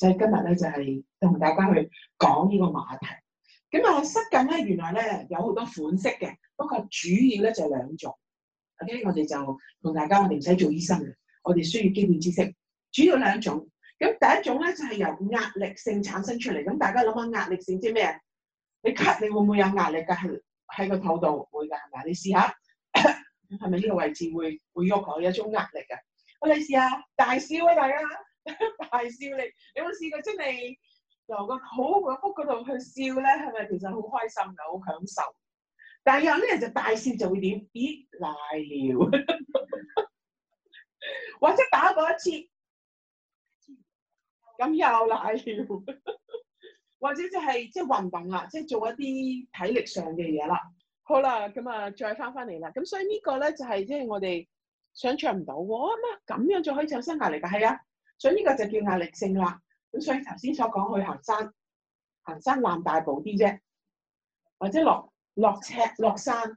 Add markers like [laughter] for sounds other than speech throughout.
所以今日咧就係同大家去講呢個話題。咁啊，塞緊咧，原來咧有好多款式嘅，不過主要咧就兩種。O.K. 我哋就同大家，我哋唔使做醫生嘅，我哋需要基本知識，主要兩種。咁第一種咧就係由壓力性產生出嚟。咁大家諗下壓力性即咩？你咳，你會唔會有壓力㗎？喺個肚度會㗎，係咪啊？你試下，係咪呢個位置會會喐佢有一種壓力啊？我哋試下大笑啊，大家。 [laughs] 大笑力，你有冇試過真係由個好嘅腹嗰度去笑咧？係咪其實好開心噶？好享受。但係有啲人就大笑就會點？咦，賴尿， [laughs] 或者打過一次，咁又賴尿， [laughs] 或者即係即係運動啊，即係做一啲體力上嘅嘢啦。 [laughs] 好啦，咁啊，再翻翻嚟啦。咁所以呢個咧就係即係我哋想象唔到喎。啊媽，咁樣就可以產生壓力噶？係啊。所以呢個就叫壓力性啦。咁所以頭先所講去行山，行山爛大步啲啫，或者落落赤落山。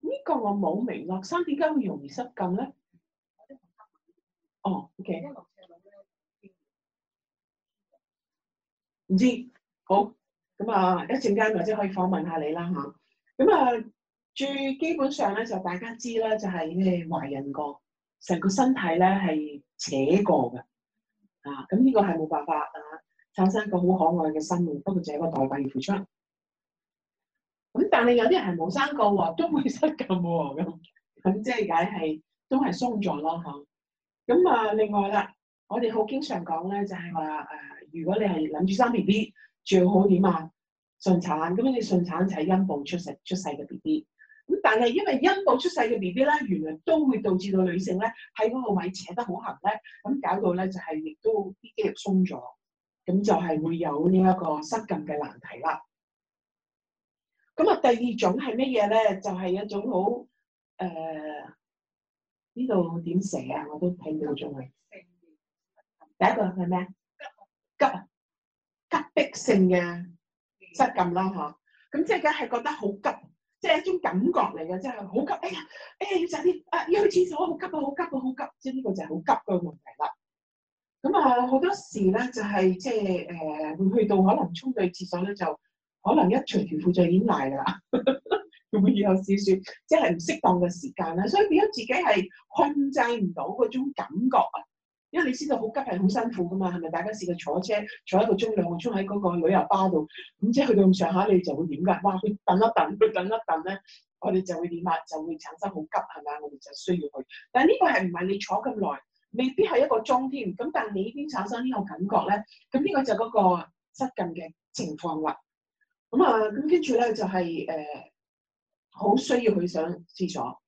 呢、這個我冇明落山點解會容易失禁咧？哦，OK。唔知好咁啊！一陣間或者可以訪問下你啦嚇。咁啊，最基本上咧就大家知啦，就係咩懷孕過。成個身體咧係扯過嘅，啊咁呢個係冇辦法啊，產生一個好可愛嘅生命，不過就係一個代價要付出。咁、嗯、但係有啲人係冇生過喎都會失禁喎、啊、咁、咁、嗯嗯、即係解係都係鬆咗咯吓。咁啊另外啦，我哋好經常講咧就係話誒，如果你係諗住生 B B 最好點啊順產，咁你順產就係陰部出世出世嘅 B B。咁但係因為陰部出世嘅 B B 咧，原來都會導致到女性咧喺嗰個位扯得好痕咧，咁搞到咧就係亦都啲肌肉鬆咗，咁就係會有呢一個失禁嘅難題啦。咁啊，第二種係咩嘢咧？就係、是、一種好誒，呃、呢度點寫啊？我都睇唔到出嚟。第一個係咩啊？急急迫性嘅失禁啦，嗬。咁即係梗係覺得好急。即係一種感覺嚟嘅，即係好急！哎呀，哎呀，要快啲啊！要去廁所，好急啊，好急啊，好急！即係呢個就係好急嘅問題啦。咁啊，好多時咧就係即係誒會去到可能沖到廁所咧，就可能一除條褲就已經賴啦。咁 [laughs] 唔以有少少即係唔適當嘅時間咧，所以變咗自己係控制唔到嗰種感覺啊！因為你知道好急係好辛苦噶嘛，係咪？大家試過坐車坐一個鐘、兩個鐘喺嗰個旅遊巴度，咁、嗯、即係去到咁上下，你就會點㗎？哇！佢等一等，佢等一等咧，我哋就會點啊？就會產生好急係咪？我哋就需要去。但係呢個係唔係你坐咁耐，未必係一個鐘添。咁但係你已經產生呢個感覺咧，咁呢個就嗰個失禁嘅情況啦。咁啊，咁跟住咧就係、是、誒，好、呃、需要去上廁所。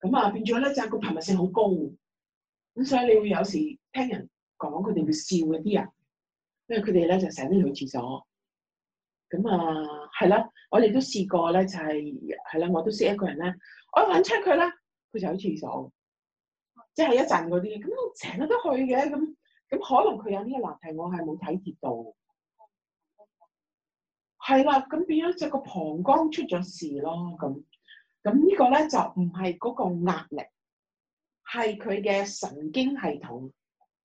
咁啊、呃，變咗咧就係、個頻密性好高。咁所以你會有時聽人講佢哋會笑嗰啲人，因為佢哋咧就成日都去廁所，咁啊係啦，我哋都試過咧，就係係啦，我都識一個人咧，我揾出佢咧，佢就去廁所，即係一陣嗰啲，咁成日都去嘅，咁咁可能佢有呢個難題，我係冇睇到，係、嗯、啦，咁變咗隻個膀胱出咗事咯，咁咁呢個咧就唔係嗰個壓力。係佢嘅神經系統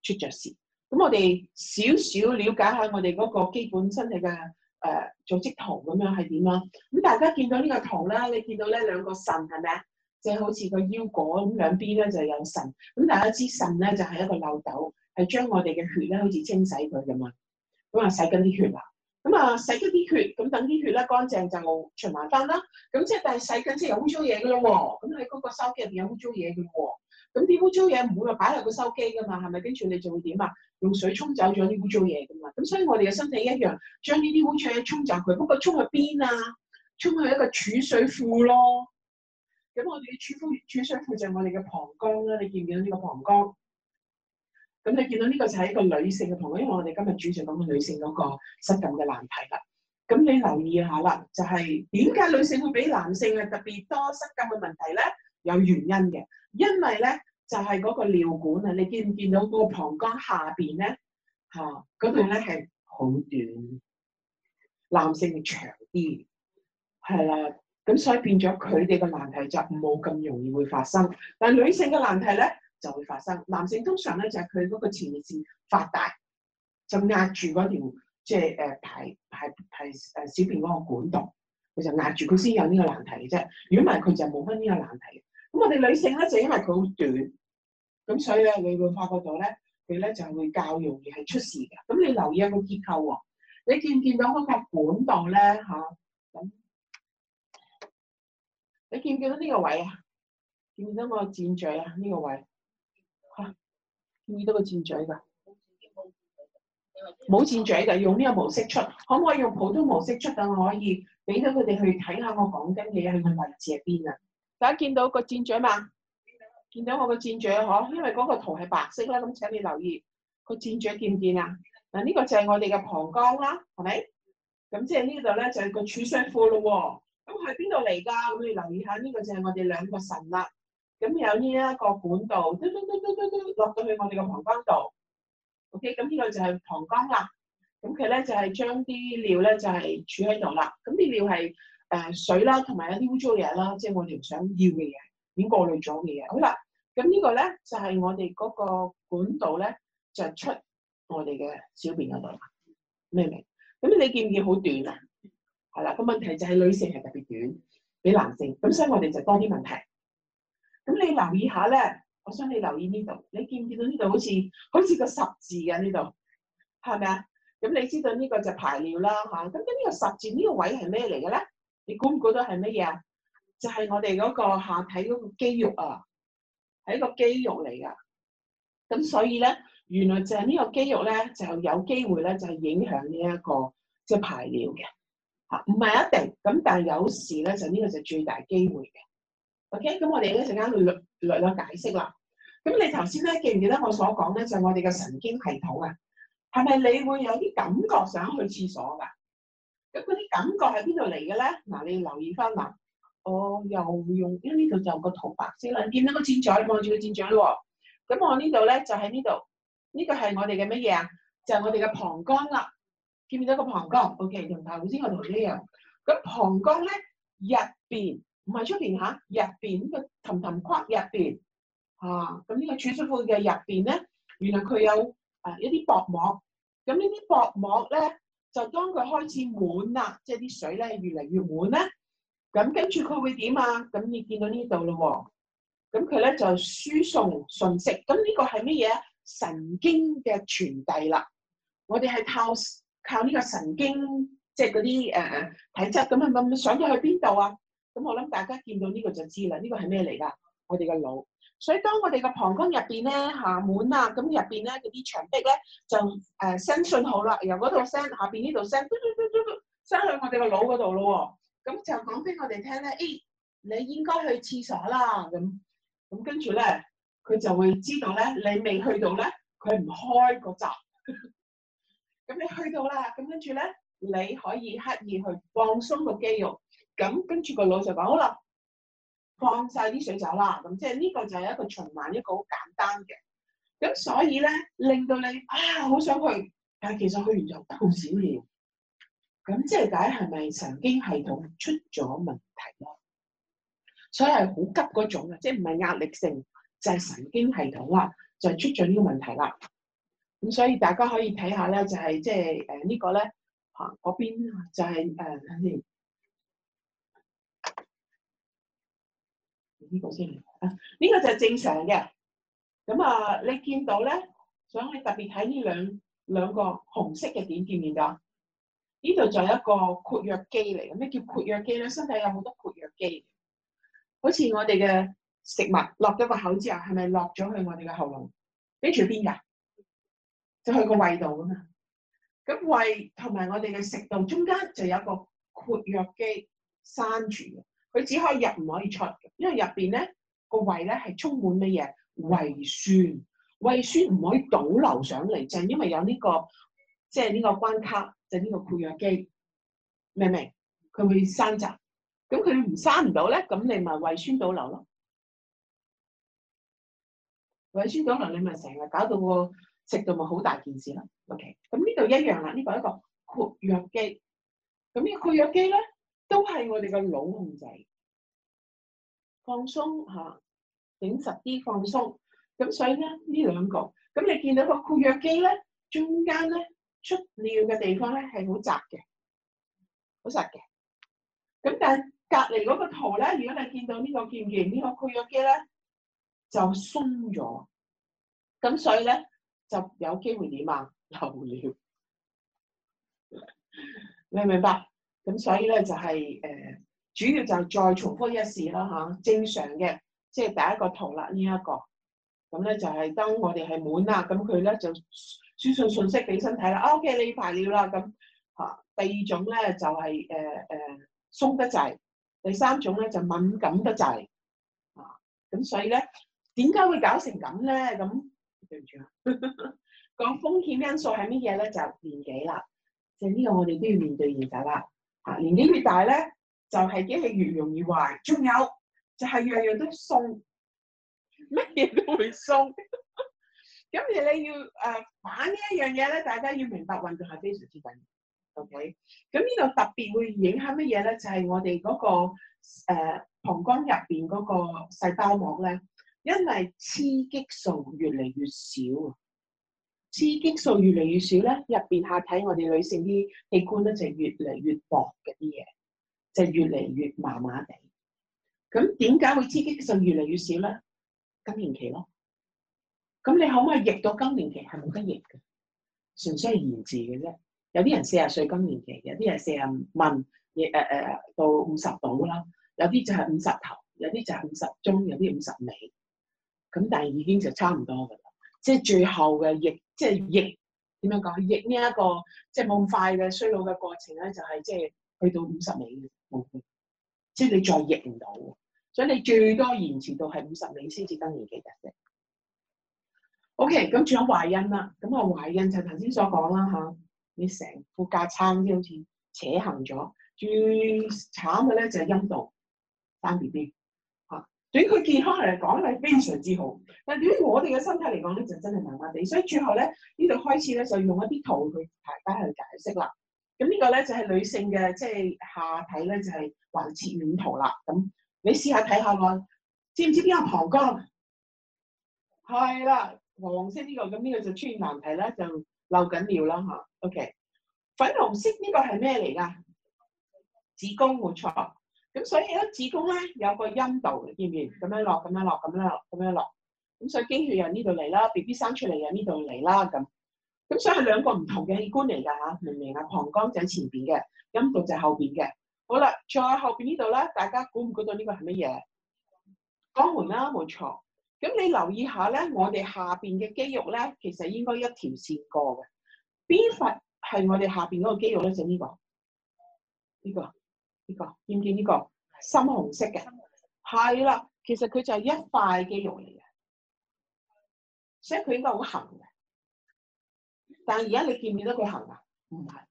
出咗事。咁我哋少少了解下我哋嗰個基本身體嘅誒、呃、組織圖咁樣係點啦。咁大家見到呢個圖啦，你見到咧兩個腎係咪啊？就好似個腰果咁兩邊咧就有腎。咁大家知腎咧就係一個漏斗，係將我哋嘅血咧好似清洗佢㗎嘛。咁啊洗緊啲血啦，咁啊洗緊啲血，咁等啲血咧乾淨就循環翻啦。咁即係但係洗緊即係有污糟嘢㗎咯喎。咁喺嗰個收肌入邊有污糟嘢嘅喎。咁啲污糟嘢唔會話擺入個收機㗎嘛，係咪？跟住你就會點啊？用水沖走咗啲污糟嘢㗎嘛。咁所以我哋嘅身體一樣，將呢啲污糟嘢沖走佢，不過沖去邊啊？沖去一個儲水庫咯。咁我哋啲儲庫、儲水庫就係我哋嘅膀胱啦。你見唔見到呢個膀胱？咁你見到呢個就係一個女性嘅膀胱，因為我哋今日主講緊女性嗰個失禁嘅難題啦。咁你留意下啦，就係點解女性會比男性啊特別多失禁嘅問題咧？有原因嘅。因為咧，就係、是、嗰個尿管啊，你見唔見到嗰個膀胱下邊咧？嚇、啊，嗰度咧係好短，男性嘅長啲，係啦。咁所以變咗佢哋嘅難題就冇咁容易會發生，但係女性嘅難題咧就會發生。男性通常咧就係佢嗰個前列腺發大，就壓住嗰條即係誒、呃、排排排誒小便嗰個管道，佢就壓住佢先有呢個難題嘅啫。如果唔係，佢就冇乜呢個難題。咁我哋女性咧就因為佢好短，咁所以咧你會發覺到咧，佢咧就係會較容易係出事嘅。咁你留意下個結構喎、哦，你見唔見到嗰個管度咧？嚇、啊，咁你見唔見到呢個位啊？見唔見到個箭嘴啊？呢個位，見唔見到個箭嘴噶，冇箭嘴噶，用呢個模式出，可唔可以用普通模式出？我可以俾到佢哋去睇下我講緊嘅嘢嘅位置喺邊啊？大家見到個箭嘴嘛？見到我個箭嘴嗬，因為嗰個圖係白色啦。咁請你留意個箭嘴見唔見啊？嗱，呢個就係我哋嘅膀胱啦，係咪？咁即係呢度咧就係、是、個儲水庫咯喎，咁係邊度嚟㗎？咁你留意下，呢、這個就係我哋兩個腎啦。咁有呢一個管道嘟嘟嘟嘟嘟嘟落到去我哋嘅膀胱度。OK，咁呢個就係膀胱啦。咁佢咧就係、是、將啲尿咧就係、是、儲喺度啦。咁啲尿係。誒、呃，水啦，同埋有啲污糟嘢啦，即係我哋唔想要嘅嘢，已經過濾咗嘅嘢。好啦，咁呢個咧就係、是、我哋嗰個管道咧，就是、出我哋嘅小便嗰度，明唔明？咁你見唔見好短啊？係啦，個問題就係女性係特別短，比男性，咁所以我哋就多啲問題。咁你留意下咧，我想你留意呢度，你見唔見到呢度好似好似個十字嘅呢度，係咪啊？咁你知道呢個就排尿啦吓，咁咁呢個十字呢、這個位係咩嚟嘅咧？你估唔估到係乜嘢啊？就係、是、我哋嗰個下體嗰個肌肉啊，係一個肌肉嚟噶。咁所以咧，原來就係呢個肌肉咧，就有機會咧，就係、就是、影響呢、這、一個即係、就是、排尿嘅。吓、啊，唔係一定，咁但係有時咧，就、這、呢個就最大機會嘅。OK，咁我哋一陣間去略略略解釋啦。咁你頭先咧記唔記得我所講咧，就係我哋嘅神經系統啊，係咪你會有啲感覺想去廁所噶？咁嗰啲感覺喺邊度嚟嘅咧？嗱，你要留意翻嗱，我、哦、又用，因為呢度就個圖白色啦、哦就是，見唔見到個箭嘴？望住個箭嘴咯喎。咁我呢度咧就喺呢度，呢個係我哋嘅乜嘢啊？就係我哋嘅膀胱啦。見唔見到個膀胱？OK，同頭先個圖一樣。咁膀胱咧入邊，唔係出邊嚇，入邊個氹氹框入邊啊。咁呢個儲水庫嘅入邊咧，原來佢有啊一啲薄膜。咁呢啲薄膜咧。就當佢開始滿啦，即係啲水咧越嚟越滿咧，咁跟住佢會點啊？咁你見到呢度咯喎，咁佢咧就輸送信息，咁呢個係乜嘢？神經嘅傳遞啦，我哋係靠靠呢個神經，即係嗰啲誒體質咁啊咁，係咪想去邊度啊？咁我諗大家見到呢個就知啦，呢個係咩嚟噶？我哋嘅腦。所以當我哋個膀胱入邊咧嚇滿啊，咁入邊咧嗰啲牆壁咧就誒 send 訊號啦，由嗰度 send 下邊呢度 send 嘟嘟嘟嘟嘟 send 去我哋個腦嗰度咯喎，咁、嗯、就講俾我哋聽咧，誒、欸，你應該去廁所啦，咁、嗯、咁、嗯、跟住咧，佢就會知道咧，你未去到咧，佢唔開個閘，咁、 [laughs] 嗯、你去到啦，咁、嗯、跟住咧，你可以刻意去放鬆個肌肉，咁、嗯、跟住個腦就話好啦。放晒啲水走啦，咁即係呢個就係一個循環，一個好簡單嘅。咁所以咧，令到你啊，好想去，但係其實去完了就好少。搖。咁即係解係咪神經系統出咗問題咯？所以係好急嗰種啊，即係唔係壓力性，就係、係、神經系統啦，就係、出咗呢個問題啦。咁所以大家可以睇下咧，就係即係誒呢個咧，啊嗰邊就係、係、誒，係、呃、咪？呢個先啊！呢個就係正常嘅。咁啊，你見到咧，想你特別睇呢兩兩個紅色嘅點，見唔見到？呢度就一個括約肌嚟嘅，咩叫括約肌咧？身體有好多括約肌，好似我哋嘅食物落咗個口之後，係咪落咗去我哋嘅喉嚨？跟住邊㗎？就去個胃度啊嘛。咁胃同埋我哋嘅食道中間就有一個括約肌閂住。佢只可以入唔可以出，因為入邊咧個胃咧係充滿乜嘢胃酸，胃酸唔可以倒流上嚟就啫、是，因為有呢、這個即係呢個關卡就呢、是、個括約肌，明唔明？佢會閂閘，咁佢唔閂唔到咧，咁你咪胃酸倒流咯，胃酸倒流你咪成日搞到個食到咪好大件事啦。OK，咁呢度一樣啦，呢、這個一個括約肌，咁呢個括約肌咧？都係我哋個腦控制，放鬆嚇，整實啲放鬆。咁所以咧，呢兩個，咁你見到個括約肌咧，中間咧出尿嘅地方咧係好窄嘅，好窄嘅。咁但係隔離嗰個圖咧，如果你見到呢個，見唔見？呢個括約肌咧就鬆咗。咁所以咧就有機會點啊？流尿。 [laughs] 你明唔明白？咁所以咧就係、是、誒、呃，主要就再重複一次啦嚇，正常嘅即係第一個圖啦呢一個，咁、嗯、咧就係、是、當我哋係滿啦，咁佢咧就輸送信息俾身體啦。啊、o、okay, K，你要排尿啦咁嚇。第二種咧就係誒誒鬆得滯，第三種咧就敏感得滯啊。咁、嗯、所以咧點解會搞成咁咧？咁、嗯、對唔住啊，講 [laughs] 風險因素係乜嘢咧？就年紀啦，就係呢個我哋都要面對現實啦。年紀越大咧，就係、是、機器越容易壞。仲有就係、是、樣樣都鬆，乜嘢都會鬆。咁 [laughs] 你你要誒玩呢一樣嘢咧，大家要明白運動係非常之緊要。OK，咁呢度特別會影響乜嘢咧？就係、是、我哋嗰、那個、呃、膀胱入邊嗰個細胞膜咧，因為雌激素越嚟越少。雌激素越嚟越少咧，入邊下體我哋女性啲器官咧就是、越嚟越薄嗰啲嘢，就是、越嚟越麻麻地。咁點解會雌激素越嚟越少咧？更年期咯。咁你可唔可以逆到更年期？係冇得逆嘅，純粹係延遲嘅啫。有啲人四十歲更年期，有啲人四十問，亦誒誒到五十度啦，有啲就係五十頭，有啲就五十中，有啲五十尾。咁但係已經就差唔多噶啦，即係最後嘅逆。即係逆點樣講？逆呢、這、一個即係冇咁快嘅衰老嘅過程咧、就是，就係即係去到五十釐嘅，即係你再逆唔到，所以你最多延遲到係五十釐先至更年幾日啫。O K，咁仲有懷孕啦，咁啊懷孕就頭先所講啦嚇，你成副架撐啲好似扯行咗，最慘嘅咧就係陰道生 B B。對於佢健康嚟講係非常之好，但係對於我哋嘅身體嚟講咧就真係麻麻地。所以最後咧呢度開始咧就用一啲圖去大家去解釋啦。咁呢個咧就係、是、女性嘅即係下體咧就係橫切面圖啦。咁你試下睇下我知唔知邊個膀胱？係啦，黃色呢、這個咁呢個就出現難題咧，就漏緊尿啦嚇。OK，粉紅色呢個係咩嚟㗎？子宮冇錯。咁所以咧，子宮咧有個陰道，你見唔見？咁樣落，咁樣落，咁樣落，咁樣落。咁所以經血又呢度嚟啦，B B 生出嚟又呢度嚟啦。咁咁所以係兩個唔同嘅器官嚟㗎嚇，明唔明啊？膀胱就喺前邊嘅，陰道就係後邊嘅。好啦，再後邊呢度咧，大家估唔估到呢個係乜嘢？肛門啦、啊，冇錯。咁你留意下咧，我哋下邊嘅肌肉咧，其實應該一條線過嘅。邊塊係我哋下邊嗰個肌肉咧？就呢個，呢個。呢個見唔見呢個深紅色嘅？係啦，其實佢就係一塊肌肉嚟嘅，所以佢應該好痕嘅。但係而家你見唔見到佢痕啊？唔係，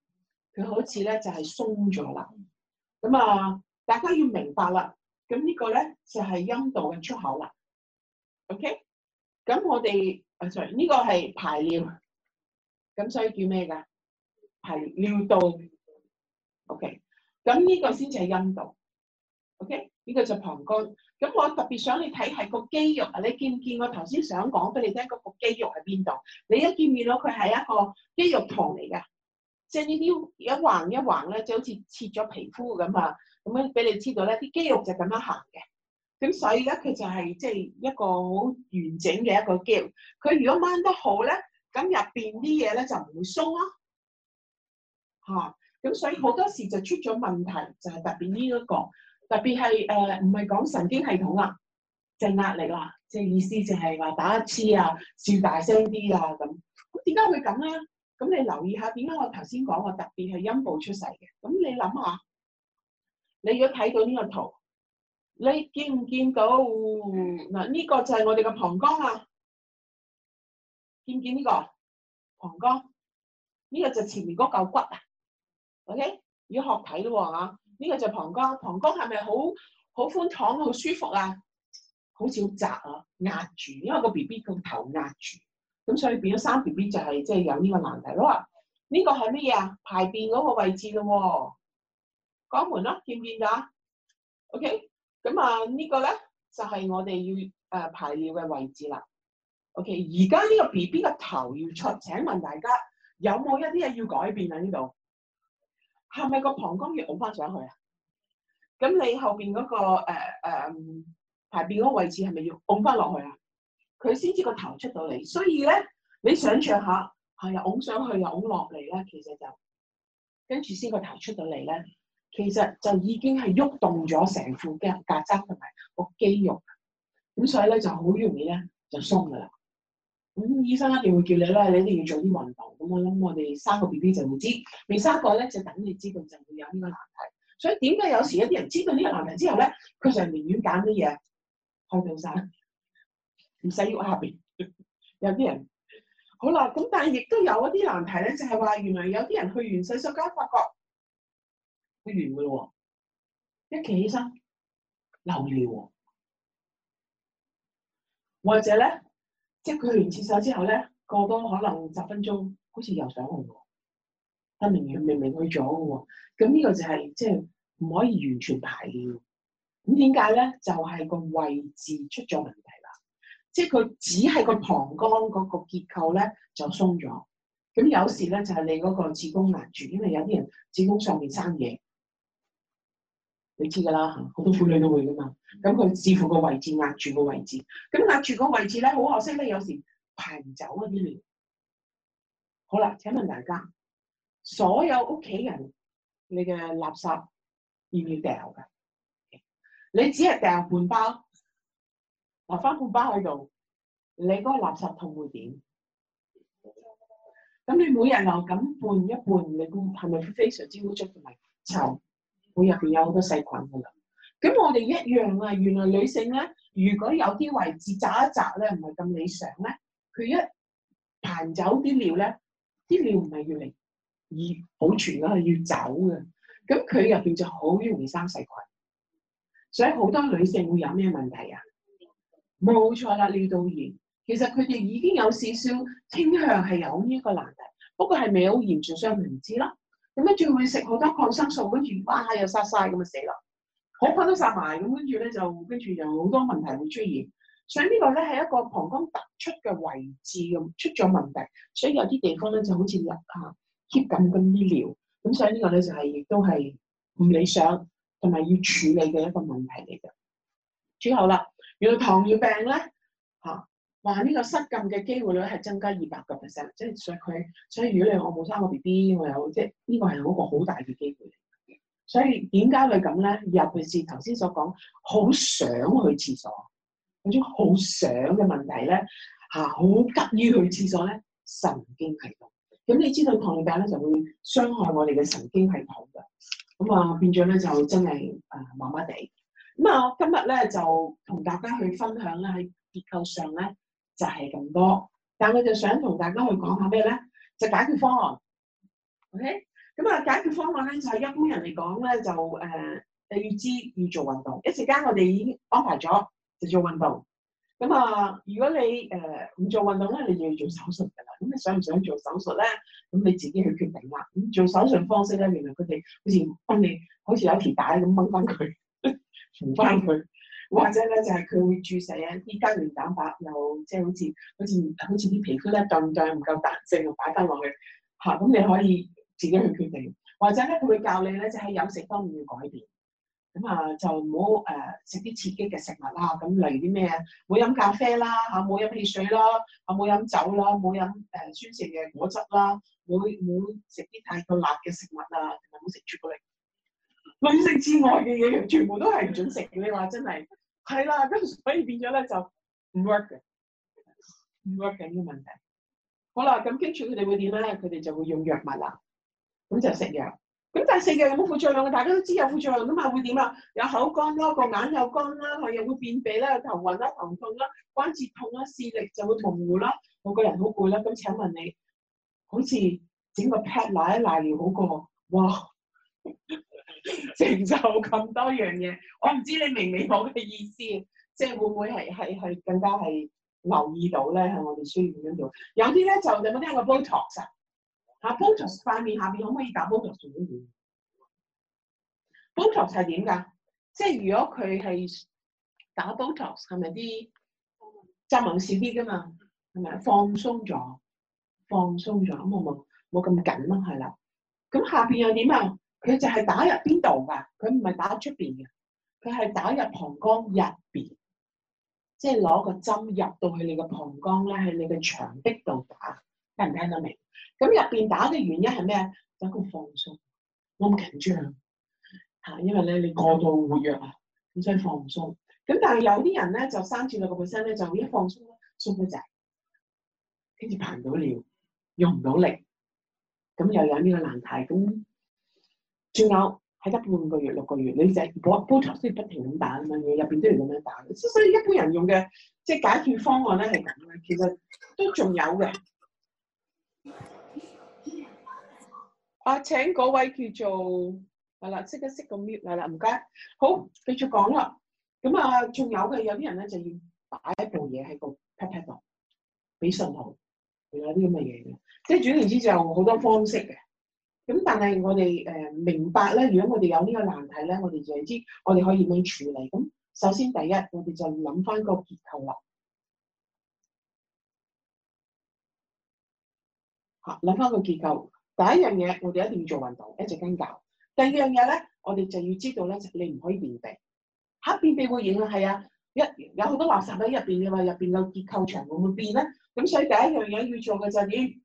佢好似咧就係鬆咗啦。咁啊，大家要明白啦。咁呢個咧就係陰道嘅出口啦。OK，咁我哋啊，sorry，呢個係排尿。咁所以叫咩噶？排尿道。OK。咁呢個先至係陰道，OK？呢個就膀胱。咁我特別想你睇係個肌肉啊！你見唔見我頭先想講俾你聽，這個肌肉喺邊度？你一見面到佢係一個肌肉旁嚟嘅，即係呢啲一橫一橫咧，就好似切咗皮膚咁啊！咁樣俾你知道咧，啲肌肉就咁樣行嘅。咁所以而佢就係即係一個好完整嘅一個肌肉。佢如果掹得好咧，咁入邊啲嘢咧就唔會鬆咯，嚇、啊。咁所以好多時就出咗問題，就係、是、特別呢一個，特別係誒唔係講神經系統啦，就壓、是、力啦，即係意思就係話打一次啊，笑大聲啲啊咁。咁點解會咁咧？咁你留意下，點解我頭先講我特別係陰部出世嘅？咁你諗下、啊，你如果睇到呢個圖，你見唔見到嗱？呢、嗯這個就係我哋嘅膀胱啊，見唔見呢、這個膀胱？呢、這個就前面嗰嚿骨啊。O.K. 要學睇咯喎，呢、這個就膀胱，膀胱係咪好好寬敞、好舒服啊？好似好窄啊，壓住，因為個 B.B. 個頭壓住，咁、嗯、所以變咗生 B.B. 就係即係有呢個難題咯。我話呢個係咩嘢啊？排便嗰個位置咯，肛門咯，見唔見到？O.K. 咁啊，okay? 嗯這個、呢個咧就係、是、我哋要誒排尿嘅位置啦。O.K. 而家呢個 B.B. 個頭要出，請問大家有冇一啲嘢要改變啊？呢度？係咪個膀胱要拱翻上去啊？咁你後邊嗰、那個誒誒、呃呃、排便嗰個位置係咪要拱翻落去啊？佢先知個頭出到嚟，所以咧你想象下，係啊、嗯，拱上去又拱落嚟咧，其實就跟住先個頭出到嚟咧，其實就已經係喐動咗成副曱甴同埋個肌肉，咁所以咧就好容易咧就鬆噶啦。咁、嗯、醫生一定會叫你咧，你一定要做啲運動。咁、嗯、我諗我哋三個 B B 就會知，未生過咧就等你知道就會有呢個難題。所以點解有時一啲人知道呢個難題之後咧，佢就寧願揀啲嘢開到晒，唔使喐下邊。 [laughs] 有啲人好啦，咁但係亦都有一啲難題咧，就係、是、話原來有啲人去完洗手間發覺佢完嘅喎，一企起身，流尿喎，或者咧。即係佢去完廁所之後咧，過多可能十分鐘，好似又上去喎。佢明明明明去咗嘅喎，咁呢個就係即係唔可以完全排尿。咁點解咧？就係個位置出咗問題啦。即係佢只係個膀胱嗰個結構咧就鬆咗。咁有時咧就係你嗰個子宮攔住，因為有啲人子宮上面生嘢。你知噶啦，好多婦女都會噶嘛。咁佢似乎個位置壓住個位置，咁壓住個位置咧，好可惜咧。有時排唔走嗰啲尿。好啦，請問大家，所有屋企人，你嘅垃圾要唔要掉噶？Okay. 你只係掉半包，留返半包喺度，你嗰個垃圾桶會點？咁你每日留咁半一半，你估係咪非常之污糟同埋臭？佢入邊有好多細菌噶啦，咁我哋一樣啊。原來女性咧，如果有啲位置揸一揸咧，唔係咁理想咧，佢一彈走啲尿咧，啲尿唔係要嚟保存嘅，係要走嘅。咁佢入邊就好容易生細菌，所以好多女性會有咩問題啊？冇錯啦，尿道炎。其實佢哋已經有少少傾向係有呢個難題，不過係未好嚴重，所以唔知啦。咁咧仲會食好多抗生素，跟住哇又殺晒，咁啊死啦，好快都殺埋，咁跟住咧就跟住就好多問題會出現。所以個呢個咧係一個膀胱突出嘅位置咁出咗問題，所以有啲地方咧就好似入下，結緊咁啲尿，咁所以個呢個咧就係、是、亦都係唔理想同埋要處理嘅一個問題嚟嘅。最後啦，原來糖尿病咧嚇。啊。話呢，這個失禁嘅機會率係增加二百個 percent，即係所以佢所以如果你我冇生過 BB，我有即係呢個係嗰個好大嘅機會。所以點解會咁咧？尤其是頭先所講，好想去廁所，嗰種好想嘅問題咧，嚇、啊、好急於去廁所咧，神經系統。咁、嗯、你知道糖尿病咧就會傷害我哋嘅神經系統嘅，咁啊、呃、變咗咧就真係啊麻麻地。咁、呃、啊，媽媽我今日咧就同大家去分享咧喺結構上咧。就係咁多，但係我就想同大家去講下咩咧？就解決方案，OK？咁啊，解決方案咧就係、是、一般人嚟講咧就誒誒，呃、你要知要做運動。一時間我哋已經安排咗就做運動。咁啊、呃，如果你誒唔、呃、做運動咧，你就要做手術㗎啦。咁你想唔想做手術咧？咁你自己去決定啦。咁做手術方式咧，原來佢哋好似幫、嗯、你好似有條帶咁掹翻佢，扶翻佢。 [laughs] 或者咧就係佢會注射一啲膠原蛋白又，又即係好似好似好似啲皮膚咧，對唔對唔夠彈性，又擺翻落去嚇。咁你可以自己去決定。或者咧，佢會教你咧，即係喺飲食方面要改變。咁啊，就唔好誒食啲刺激嘅食物啦。咁例如啲咩啊，冇飲咖啡啦，嚇冇飲汽水啦，嚇冇飲酒啦，冇飲誒酸性嘅果汁啦，冇冇食啲太過辣嘅食物啊，同埋冇食朱古力。飲食之外嘅嘢，全部都係唔准食你話真係～係啦，咁所以變咗咧就唔 work 嘅，唔 work 緊啲問題。好啦，咁跟住佢哋會點咧？佢哋就會用藥物啦，咁就食藥。咁但係食藥有冇副作用嘅？大家都知有副作用噶嘛？會點啊？有口乾啦，個眼又乾啦，佢又會便秘啦、頭暈啦、頭痛啦、關節痛啦、視力就會模糊啦，我個人好攰啦。咁請問你好似整個 pad 瀨一瀨尿好過哇！ [laughs] [laughs] 成就咁多樣嘢，我唔知你明唔明我嘅意思，即係會唔會係係係更加係留意到咧喺我哋需要咁樣做，有啲咧就你有冇聽過 Botox？吓，Botox 塊面下邊可唔可以打 Botox 做 Botox 係點噶？即係如果佢係打 Botox，係咪啲皺紋少啲噶嘛？係咪放鬆咗？放鬆咗，冇冇冇咁緊咯，係啦。咁下邊又點啊？佢就係打入邊度噶，佢唔係打出邊嘅，佢係打入膀胱入邊，即係攞個針入到去你個膀胱咧，喺你嘅牆壁度打，聽唔聽得明？咁入邊打嘅原因係咩？等佢放鬆，我咁緊張吓，因為咧你過度活躍啊，咁所以放唔鬆。咁但係有啲人咧就三至六個 percent 咧，就一放鬆咧鬆到滯，跟住排唔到尿，用唔到力，咁又有呢個難題咁。仲有喺得半個月、六個月，你就係波波頭都要不停咁打咁樣嘅，入邊都要咁樣打。所所以一般人用嘅即解決方案咧係咁嘅，其實都仲有嘅。啊，請嗰位叫做係啦，識得識個 mute 啦，唔該。好，繼續講啦。咁啊，仲有嘅有啲人咧就要擺一部嘢喺個 table 度，俾信號，有啲咁嘅嘢嘅。即係總言之就好多方式嘅。咁但係我哋誒明白咧，如果我哋有呢個難題咧，我哋就知我哋可以點樣處理。咁首先第一，我哋就諗翻個結構啦。嚇，諗翻個結構，第一樣嘢我哋一定要做運動，一直筋搞；第二樣嘢咧，我哋就要知道咧，就你唔可以便秘。嚇，便秘會影響啊？係啊，一有好多垃圾喺入邊嘅話，入邊個結構長會唔會變咧？咁所以第一樣嘢要做嘅就係點？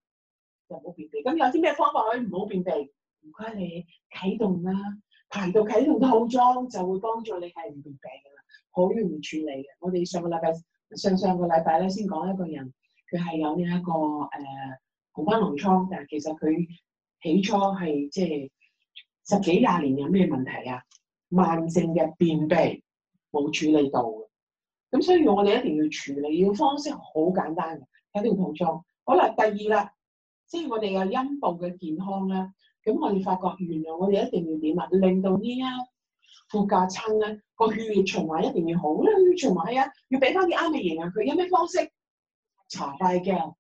又冇便秘，咁有啲咩方法可以唔好便秘？唔該你啟動啦，排毒啟動套裝就會幫助你係唔便秘噶啦，好容易處理嘅。我哋上個禮拜上上個禮拜咧，先講一個人，佢係有呢一個誒紅斑狼瘡，但係其實佢起初係即係十幾廿年有咩問題啊？慢性嘅便秘冇處理到，咁所以我哋一定要處理，要方式好簡單嘅啟動套裝。好啦，第二啦。即係我哋嘅陰部嘅健康咧，咁我哋發覺原來我哋一定要點啊，令到呢一副架撐咧，個血液循環一定要好咧，循環係啊，要俾翻啲啱嘅營養佢，有咩方式查快嘅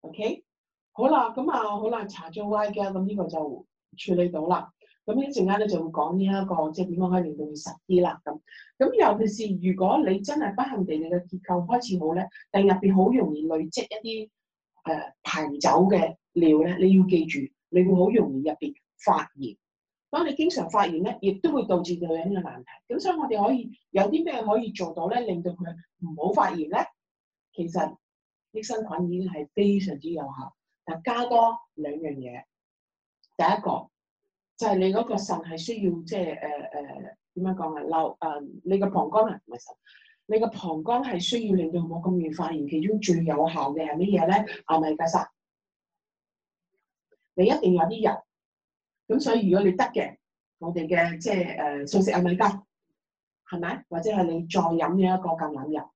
？OK，好啦，咁啊好啦，查咗 Y 嘅，咁呢個就處理到啦。咁一陣間咧就會講呢一個即係點樣可以令到佢實啲啦。咁咁尤其是如果你真係不幸地你嘅結構開始好咧，定入邊好容易累積一啲。誒排、呃、走嘅尿咧，你要記住，你會好容易入邊發炎。當你經常發炎咧，亦都會導致女人嘅難題。咁所以我哋可以有啲咩可以做到咧，令到佢唔好發炎咧？其實益生菌已經係非常之有效。嗱，加多兩樣嘢，第一個就係、是、你嗰個腎係需要即係誒誒點樣講啊，流誒、呃、你個膀胱唔係腎。你個膀胱係需要令到冇咁易發炎，其中最有效嘅係乜嘢咧？奧米加三？你一定有啲油，咁所以如果你得嘅，我哋嘅即係誒素食奧米加，係咪？或者係你再飲嘅一個橄欖油，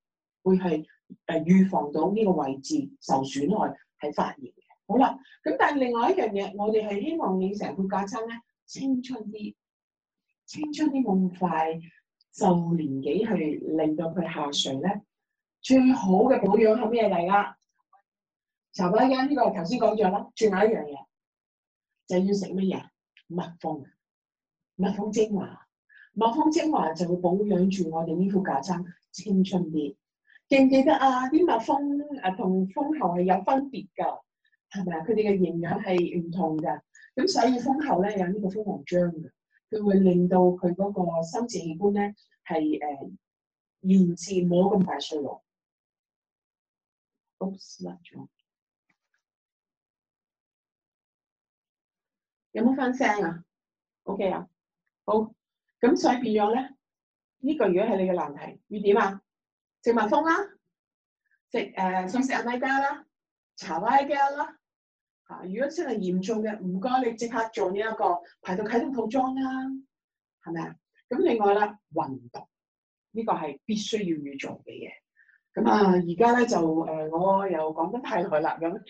會係誒預防到呢個位置受損害係發炎嘅。好啦，咁但係另外一樣嘢，我哋係希望你成個架餐咧，青春啲，青春啲冇咁快。就年紀去令到佢下垂咧，最好嘅保養係咩嚟啦？茶包巾呢個頭先講咗啦，仲有一樣嘢就要食乜嘢？蜜蜂，蜜蜂精華，蜜蜂精華就會保養住我哋呢副架撐，青春啲。記唔記得啊？啲蜜蜂啊同蜂后係有分別噶，係咪啊？佢哋嘅營養係唔同噶，咁所以蜂后咧有呢個蜂王漿噶。佢會令到佢嗰個心智器官咧係誒完全冇咁大衰咯，好失力咗。有冇分聲啊？OK 啊，好。咁所以變咗咧，呢個如果係你嘅難題，要點啊？食蜜蜂啦，食誒想食阿米家啦，茶花嘅啦。啊！如果真係嚴重嘅，唔該，你即刻做呢一個排毒啟動套裝啦，係咪啊？咁另外啦，運動呢個係必須要要做嘅嘢。咁啊，而家咧就誒、呃，我又講得太耐啦，咁、啊、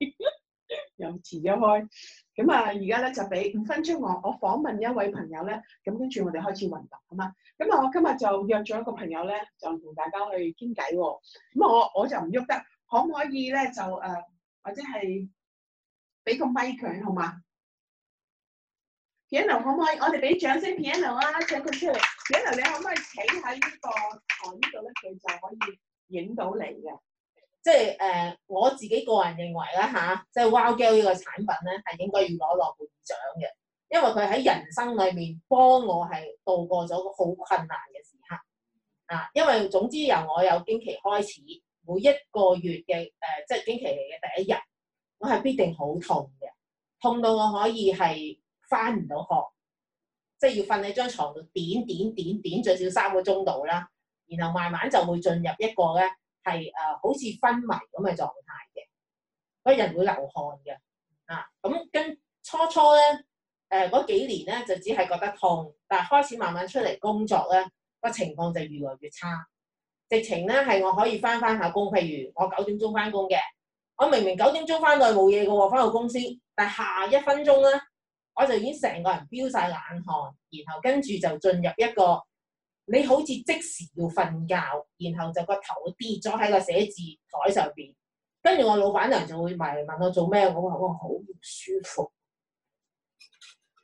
[laughs] 又遲咗開。咁啊，而家咧就俾五分鐘我，我訪問一位朋友咧。咁跟住我哋開始運動啊嘛。咁啊，我今日就約咗一個朋友咧，就同大家去傾偈喎。咁、啊、我我就唔喐得，可唔可以咧就誒、呃，或者係？俾個咪強好嘛？Piano，可唔可以？我哋俾掌聲 Piano 啊！請佢出嚟。Piano，你可唔可以企喺、這個哦、呢個台呢度咧？佢就可以影到你嘅。即係誒、呃，我自己個人認為咧吓，就 WowGear 呢個產品咧係應該要攞諾貝爾獎嘅，因為佢喺人生裏面幫我係度過咗個好困難嘅時刻啊！因為總之由我有經期開始，每一個月嘅誒、呃，即係經期嚟嘅第一日。我係必定好痛嘅，痛到我可以係翻唔到學，即係要瞓喺張床度點點點點最少三個鐘度啦，然後慢慢就會進入一個咧係誒好似昏迷咁嘅狀態嘅，個人會流汗嘅啊。咁跟初初咧誒嗰幾年咧就只係覺得痛，但係開始慢慢出嚟工作咧，個情況就越來越差，直情咧係我可以翻翻下工，譬如我九點鐘翻工嘅。我明明九點鐘翻到去冇嘢嘅喎，翻到公司，但係下一分鐘咧，我就已經成個人飆晒冷汗，然後跟住就進入一個你好似即時要瞓覺，然後就個頭跌咗喺個寫字台上邊，跟住我老闆娘就會埋嚟問我做咩，我話我好唔舒服。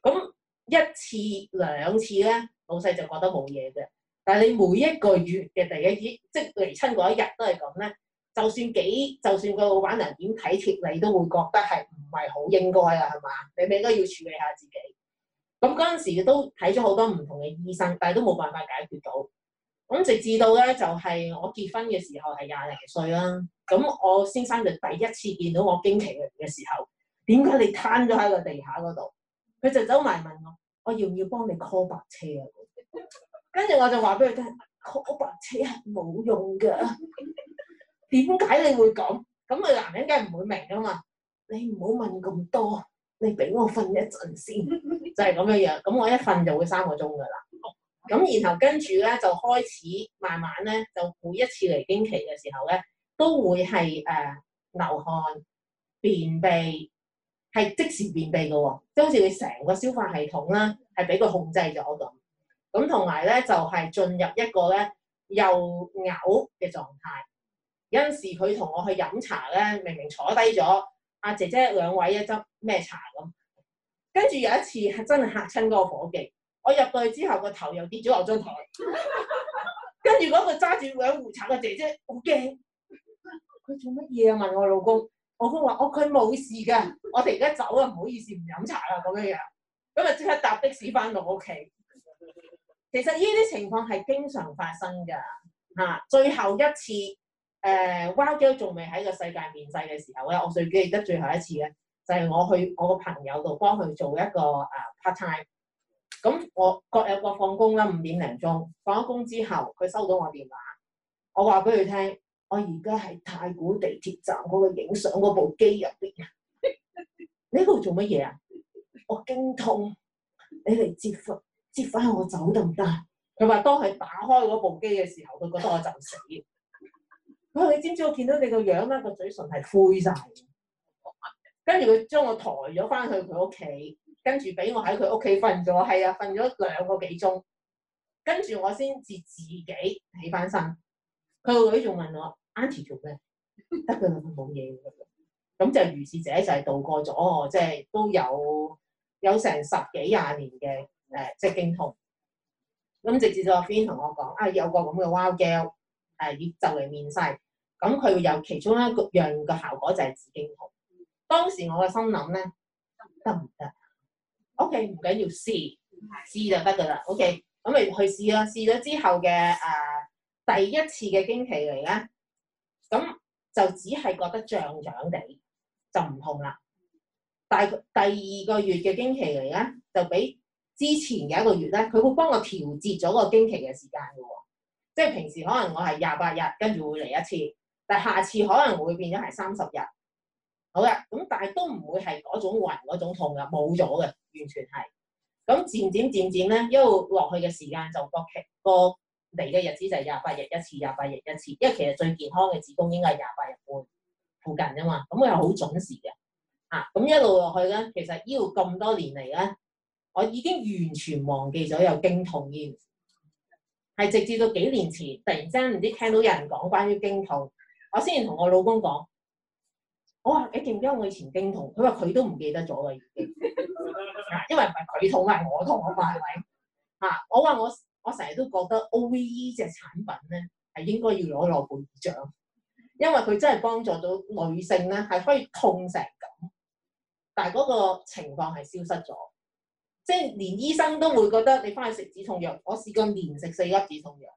咁一次兩次咧，老細就覺得冇嘢嘅，但係你每一個月嘅第一日，即嚟親嗰一日都係咁咧。就算幾，就算個老闆娘點體貼你，都會覺得係唔係好應該啊，係嘛？你咪都要處理下自己。咁嗰陣時都睇咗好多唔同嘅醫生，但係都冇辦法解決到。咁直至到咧，就係我結婚嘅時候係廿零歲啦。咁我先生就第一次見到我經期嘅時候，點解你癱咗喺個地下嗰度？佢就走埋問我，我要唔要幫你 call 白車？跟 [laughs] 住我就話俾佢聽，call 白車係冇用噶。 [laughs] 點解你會咁？咁佢男人梗係唔會明啊嘛！你唔好問咁多，你俾我瞓一陣先， [laughs] 就係咁樣樣。咁我一瞓就會三個鐘噶啦。咁然後跟住咧就開始慢慢咧，就每一次嚟經期嘅時候咧，都會係誒、呃、流汗、便秘，係即時便秘嘅喎、哦，即係好似佢成個消化系統咧係俾佢控制咗咁。咁同埋咧就係、是、進入一個咧又嘔、呃、嘅狀態。因時佢同我去飲茶咧，明明坐低咗，阿姐姐兩位一執咩茶咁。跟住有一次係真係嚇親個伙計，我入到去之後個頭又跌咗落張台，跟住嗰個揸住兩壺茶嘅姐姐好驚，佢做乜嘢啊？問我老公，我老公話哦，佢冇事㗎，我哋而家走啊，唔好意思唔飲茶啦咁樣樣，咁啊即刻搭的士翻到屋企。其實呢啲情況係經常發生㗎，嚇、啊、最後一次。誒、uh,，Wild Girl 仲未喺個世界面世嘅時候咧，我最記得最後一次咧，就係、是、我去我個朋友度幫佢做一個啊、uh, part time。咁、uh, 我各有各放工啦，五點零鐘放咗工之後，佢收到我電話，我話俾佢聽，我而家喺太古地鐵站嗰個影相嗰部機入邊啊！ [laughs] 你度做乜嘢啊？我驚痛，你嚟接返，接返我走得唔得？佢話當佢打開嗰部機嘅時候，佢覺得我就死。 [laughs] 佢，你知唔知我見到你個樣咧，個嘴唇係灰晒，跟住佢將我抬咗翻去佢屋企，跟住俾我喺佢屋企瞓咗，係啊，瞓咗兩個幾鐘。跟住我先至自己起翻身。佢個女仲問我 uncle 做咩？得 [laughs] 啦，冇嘢。咁就如是者就係度過咗，即係都有有成十幾廿年嘅呃脊椎痛。咁直接就 friend 同我講，啊，有個咁嘅 wow gel。誒就嚟面世，咁佢會有其中一個樣嘅效果就係止經痛。當時我嘅心諗咧，得唔得？OK，唔緊要試，試就得噶啦。OK，咁咪去試咯。試咗之後嘅誒、呃、第一次嘅經期嚟咧，咁就只係覺得漲漲地，就唔痛啦。但第二個月嘅經期嚟咧，就比之前嘅一個月咧，佢會幫我調節咗個經期嘅時間喎。即係平時可能我係廿八日跟住會嚟一次，但係下次可能會變咗係三十日。好嘅，咁但係都唔會係嗰種暈嗰種痛噶，冇咗嘅，完全係。咁漸漸漸漸咧，一路落去嘅時間就個期過嚟嘅日子就係廿八日一次，廿八日一次，因為其實最健康嘅子宮應該係廿八日半附近啊嘛。咁佢係好準時嘅。啊，咁一路落去咧，其實依度咁多年嚟咧，我已經完全忘記咗有經痛呢件係直至到幾年前，突然間唔知聽到有人講關於經痛，我先至同我老公講：我話你、欸、記唔記得我以前經痛？佢話佢都唔記得咗喇已經，因為唔係佢痛，係我痛啊嘛，係咪？啊！我話我我成日都覺得 O V E 隻產品咧係應該要攞諾貝爾獎，因為佢真係幫助到女性咧係可以痛成咁，但係嗰個情況係消失咗。即係連醫生都會覺得你翻去食止痛藥，我試過連食四粒止痛藥，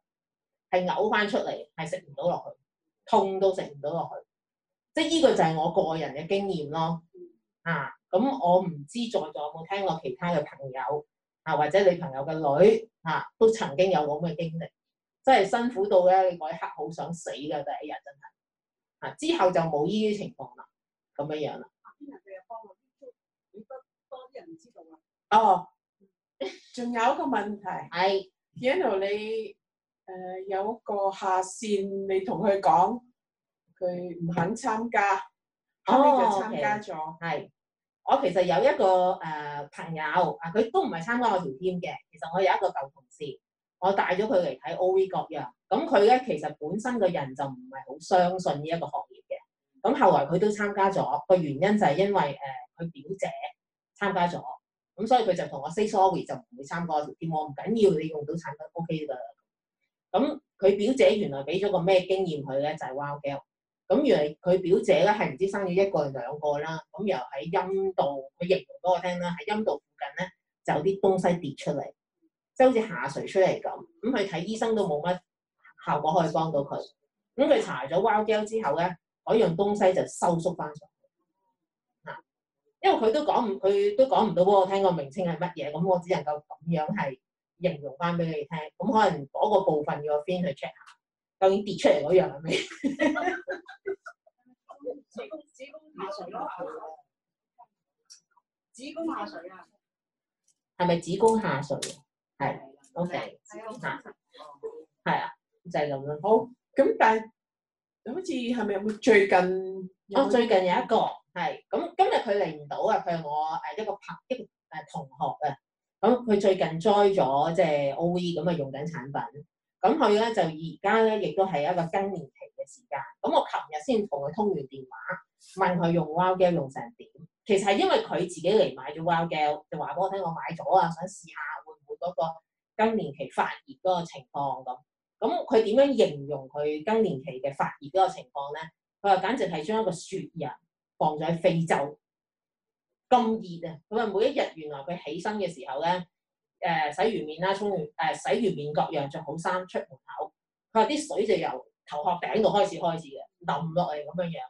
係嘔翻出嚟，係食唔到落去，痛都食唔到落去。即係呢個就係我個人嘅經驗咯。啊，咁我唔知在座有冇聽過其他嘅朋友啊，或者你朋友嘅女、啊、都曾經有咁嘅經歷，真係辛苦到咧，嗰一刻好想死㗎第一日，真係啊！之後就冇呢啲情況啦，咁樣樣啦。啊哦，仲、oh, 有一個問題係是，Piano 你誒、呃、有一個下線，你同佢講，佢唔肯參加，後面就參加咗。係、oh, okay.，我其實有一個誒、呃、朋友啊，佢都唔係參加我條 team 嘅。其實我有一個舊同事，我帶咗佢嚟睇 O V 各樣。咁佢咧其實本身個人就唔係好相信呢一個行業嘅。咁後來佢都參加咗，個原因就係因為誒佢、呃、表姐參加咗。咁所以佢就同我 say sorry，就唔會參加添，我唔緊要，你用到產品 OK 㗎。咁佢表姐原來俾咗個咩經驗佢咧，就係、是、Wow Gel。咁原來佢表姐咧係唔知生咗一個定兩個啦。咁由喺陰道，佢形容俾我聽啦，喺陰道附近咧就有啲東西跌出嚟，即係好似下垂出嚟咁。咁佢睇醫生都冇乜效果可以幫到佢。咁佢查咗 Wow Gel 之後咧，嗰樣東西就收縮翻因為佢都講唔佢都講唔到俾我聽個名稱係乜嘢，咁我只能夠咁樣係形容翻俾佢哋聽。咁可能嗰個部分個 friend 去 check 下，究竟跌出嚟嗰樣係咪？ [laughs] 子宮子宮下垂咯，子宮下垂啊？係咪 [laughs] 子宮下垂？係，OK，係啊，就係咁樣。好，咁但係好似係咪最近？有冇哦，最近有一個。係咁，今日佢嚟唔到啊！佢係我誒一個朋一個同學啊。咁、嗯、佢、嗯、最近栽咗即係 O e 咁啊用緊產品。咁佢咧就而家咧亦都係一個更年期嘅時間。咁、嗯、我琴日先同佢通完電話，問佢用 Well Gel 用成點。其實係因為佢自己嚟買咗 Well Gel，就話俾我聽我買咗啊，想試下會唔會嗰個更年期發熱嗰個情況咁。咁佢點樣形容佢更年期嘅發熱嗰個情況咧？佢話簡直係將一個雪人，放咗喺非洲咁熱啊！佢話每一日原來佢起身嘅時候咧，誒、呃、洗完面啦，衝完誒洗完面、呃、各樣着好衫出門口，佢話啲水就由頭殼頂度開始開始嘅淋落嚟咁樣樣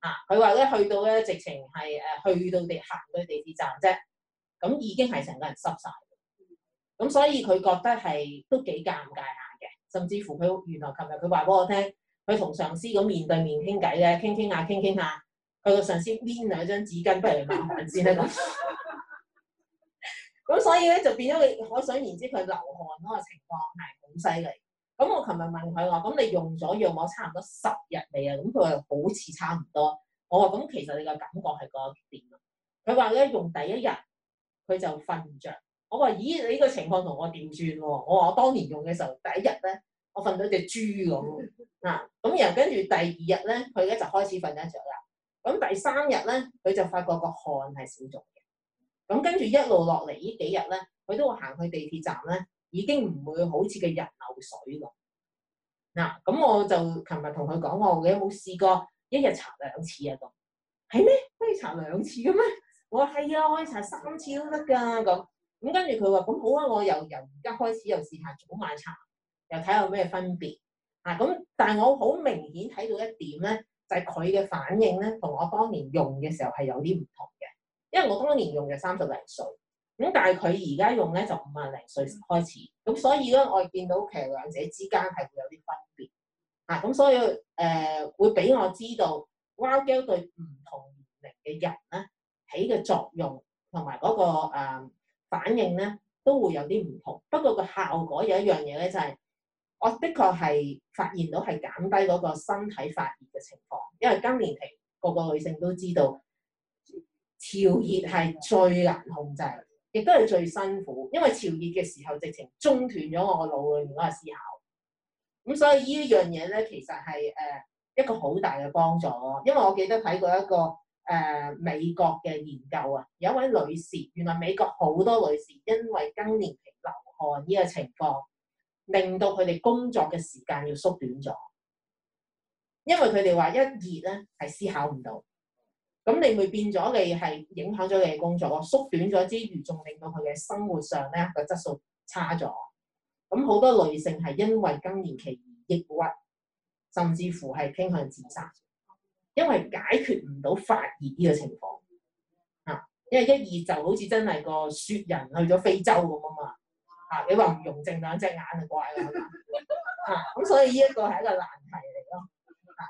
啊！佢話咧去到咧直情係誒去到地行到地鐵站啫，咁已經係成個人濕晒。咁所以佢覺得係都幾尷尬下嘅，甚至乎佢原來琴日佢話俾我聽，佢同上司咁面對面傾偈咧，傾傾下傾傾下。佢個上司攆兩張紙巾，不如抹汗先啦。咁 [laughs] [laughs] 所以咧就變咗佢，可想而知佢流汗嗰個情況係好犀利。咁我琴日問佢話，咁你用咗藥差唔多十日未啊？咁佢話好似差唔多。我話，咁其實你個感覺係個點？佢話咧用第一日佢就瞓唔着。」我話，咦，你個情況同我點轉？我話我當年用嘅時候第一日咧，我瞓到隻豬咁。嗱咁，然後跟住第二日咧，佢咧就開始瞓得着啦。咁第三日咧，佢就發覺個汗係少咗嘅。咁跟住一路落嚟呢幾日咧，佢都會行去地鐵站咧，已經唔會好似個人流水咁。嗱，咁我就琴日同佢講我，你有冇試過一日搽兩次啊？咁係咩？可以搽兩次嘅咩？我話係啊，可以搽三次都得㗎咁。咁跟住佢話咁好啊，我又由而家開始又試下早晚搽，又睇下有咩分別啊。咁但係我好明顯睇到一點咧。係佢嘅反應咧，同我當年用嘅時候係有啲唔同嘅，因為我當年用嘅三十零歲，咁但係佢而家用咧就五啊零歲開始，咁所以咧我見到其實兩者之間係會有啲分別啊，咁所以誒、呃、會俾我知道，膠 g e 對唔同年齡嘅人咧起嘅作用同埋嗰個誒、呃、反應咧都會有啲唔同，不過個效果有一樣嘢咧就係、是、我的確係發現到係減低嗰個身體發熱嘅情況。因為更年期，個個女性都知道潮熱係最難控制，亦都係最辛苦。因為潮熱嘅時候，直情中斷咗我個腦裏面嗰個思考。咁、嗯、所以呢樣嘢咧，其實係誒、呃、一個好大嘅幫助。因為我記得睇過一個誒、呃、美國嘅研究啊，有一位女士，原來美國好多女士因為更年期流汗呢個情況，令到佢哋工作嘅時間要縮短咗。因為佢哋話一熱咧係思考唔到，咁你會變咗你係影響咗你嘅工作咯，縮短咗之餘，仲令到佢嘅生活上咧個質素差咗。咁好多女性係因為更年期而抑鬱，甚至乎係傾向自殺，因為解決唔到發熱呢個情況。啊，因為一熱就好似真係個雪人去咗非洲咁啊嘛。啊，你話唔溶剩兩隻眼就怪啦。啊，咁所以呢一個係一個難題。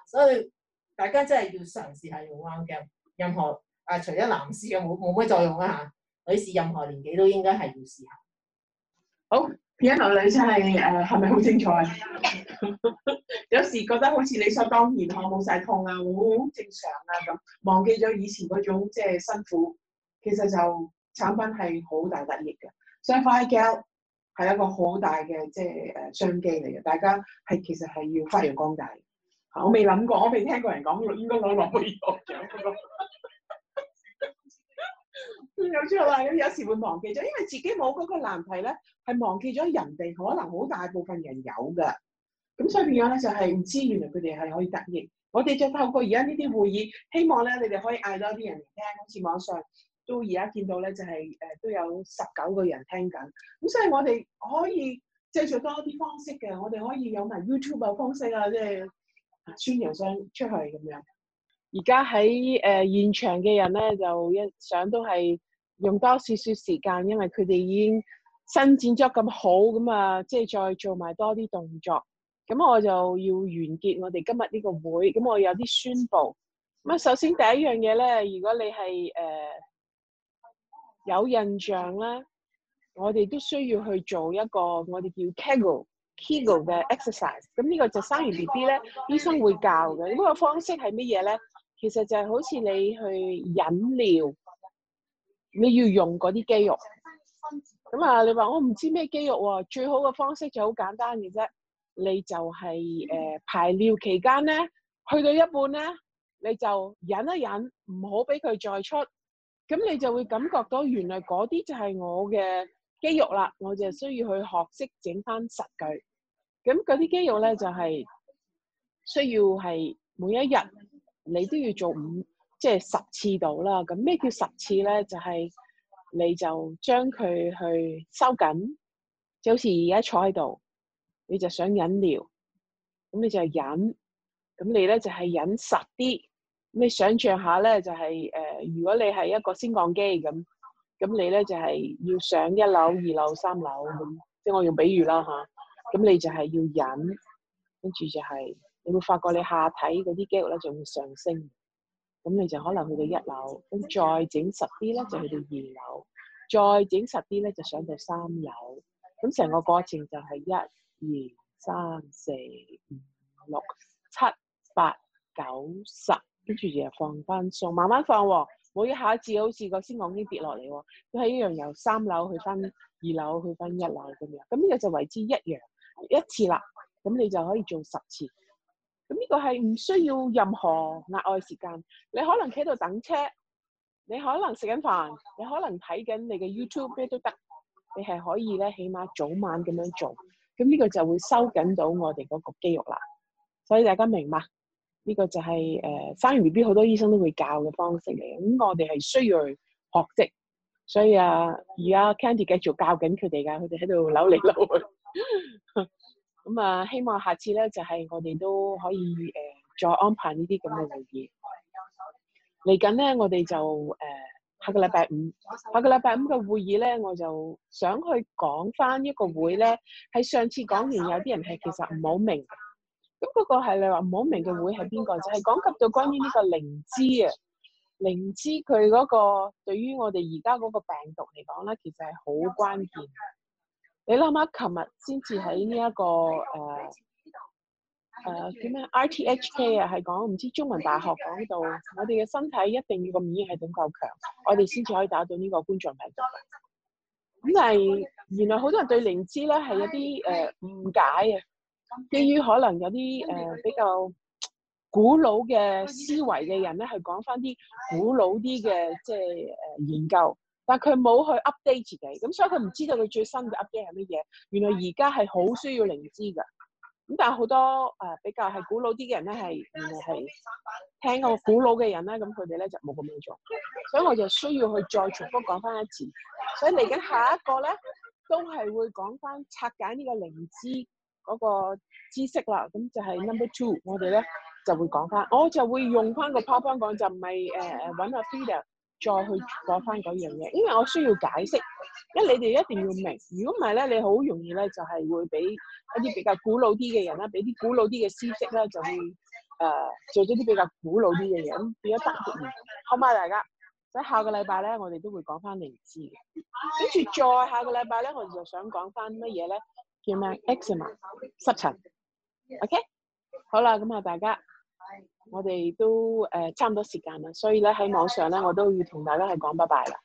所以大家真係要嘗試下用啱嘅，任何啊，除咗男士嘅冇冇咩作用啊嚇，女士任何年紀都應該係要試下。好，片一樓女真係誒，係咪好精彩？ [laughs] 有時覺得好似理所當然，我冇晒痛啊，好、哦、正常啊咁，忘記咗以前嗰種即係辛苦。其實就產品係好大得益嘅，所以快 p Gel 係一個好大嘅即係誒商機嚟嘅，大家係其實係要發揚光大。我未諗過，我未聽過人講，應該攞落唔落嘅。唔有錯啦，咁有時會忘記咗，因為自己冇嗰個難題咧，係忘記咗人哋可能好大部分人有㗎。咁所以變咗咧？就係、是、唔知原來佢哋係可以得益。我哋就透過而家呢啲會議，希望咧你哋可以嗌多啲人嚟聽。好似網上都而家見到咧，就係、是、誒、呃、都有十九個人聽緊。咁所以我哋可以製作多啲方式嘅，我哋可以有埋 YouTube 嘅方式啊，即係。宣揚生出去咁樣，而家喺誒現場嘅人咧，就一想都係用多少少時間，因為佢哋已經伸展咗咁好，咁啊，即係再做埋多啲動作。咁我就要完結我哋今日呢個會，咁我有啲宣布。咁啊，首先第一樣嘢咧，如果你係誒、呃、有印象咧，我哋都需要去做一個我哋叫 Kegel Kegel 嘅 exercise，咁呢個就生完 B B 咧，醫生會教嘅。咁個方式係咩嘢咧？其實就係好似你去忍尿，你要用嗰啲肌肉。咁啊，你話我唔知咩肌肉喎？最好嘅方式就好簡單嘅啫，你就係誒排尿期間咧，去到一半咧，你就忍一忍，唔好俾佢再出，咁你就會感覺到原來嗰啲就係我嘅肌肉啦，我就需要去學識整返實佢。咁嗰啲肌肉咧就係、是、需要係每一日你都要做五即係十次到啦。咁咩叫十次咧？就係、是、你就將佢去收緊，就好似而家坐喺度，你就想忍尿，咁你就忍，咁你咧就係、是、忍實啲。你想象下咧，就係、是、誒、呃，如果你係一個升降機咁，咁你咧就係、是、要上一樓、二樓、三樓咁。即係、就是、我用比喻啦嚇。咁你就係要忍，跟住就係、是、你會發覺你下體嗰啲肌肉咧就會上升，咁你就可能去到一樓，咁再整實啲咧就去到二樓，再整實啲咧就上到三樓，咁成個過程就係一、二、三、四、五、六、七、八、九、十，跟住就放翻鬆，慢慢放喎、哦，每一下子好似個先講已經跌落嚟喎，都係一樣由三樓去翻二樓去翻一樓咁樣，咁呢個就為之一樣。一次啦，咁你就可以做十次。咁呢個係唔需要任何額外時間，你可能企喺度等車，你可能食緊飯，你可能睇緊你嘅 YouTube 咩都得，你係可以咧，起碼早晚咁樣做。咁呢個就會收緊到我哋嗰個肌肉啦。所以大家明白呢個就係誒生完 B B 好多醫生都會教嘅方式嚟嘅，咁我哋係需要去學識。所以啊，而家 Candy 繼續教緊佢哋㗎，佢哋喺度扭嚟扭去。咁啊， [laughs] 希望下次咧就係、是、我哋都可以誒、呃，再安排這這呢啲咁嘅會議。嚟緊咧，我哋就誒、呃、下個禮拜五，下個禮拜五嘅會議咧，我就想去講翻一個會咧，喺上次講完有啲人係其實唔好明。咁嗰個係你話唔好明嘅會係邊個就係講及到關於呢個靈芝啊，靈芝佢嗰個對於我哋而家嗰個病毒嚟講咧，其實係好關鍵。你諗下，琴日先至喺呢一個誒誒叫咩？RTHK 啊，係講唔知中文大學講到，我哋嘅身體一定要個免疫系統夠強，我哋先至可以打到呢個冠狀病毒。咁係，原來好多人對靈芝咧係有啲誒誤解啊，基於可能有啲誒、呃、比較古老嘅思維嘅人咧，係講翻啲古老啲嘅即係誒研究。但佢冇去 update 自己，咁所以佢唔知道佢最新嘅 update 係乜嘢。原來而家係好需要靈芝噶，咁但係好多誒、呃、比較係古老啲嘅人咧，係原來係聽過古老嘅人咧，咁佢哋咧就冇咁樣做。所以我就需要去再重複講翻一次。所以嚟緊下，下一個咧，都係會講翻拆解呢個靈芝嗰個知識啦。咁就係 number two，我哋咧就會講翻，我就會用翻個 powerpoint 講，就唔係誒誒揾下 video 再去講翻嗰樣嘢，因為我需要解釋，因為你哋一定要明，如果唔係咧，你好容易咧就係會俾一啲比較古老啲嘅人啦，俾啲古老啲嘅知識啦，就會誒、呃、做咗啲比較古老啲嘅嘢，咁變咗單一嘅。好嘛，大家，咁下個禮拜咧，我哋都會講翻靈芝嘅，跟住再下個禮拜咧，我哋就想講翻乜嘢咧？叫咩？Eczema，濕疹。OK，好啦，咁啊，大家。我哋都誒、呃、差唔多時間啦，所以咧喺網上咧，我都要同大家係講拜拜啦。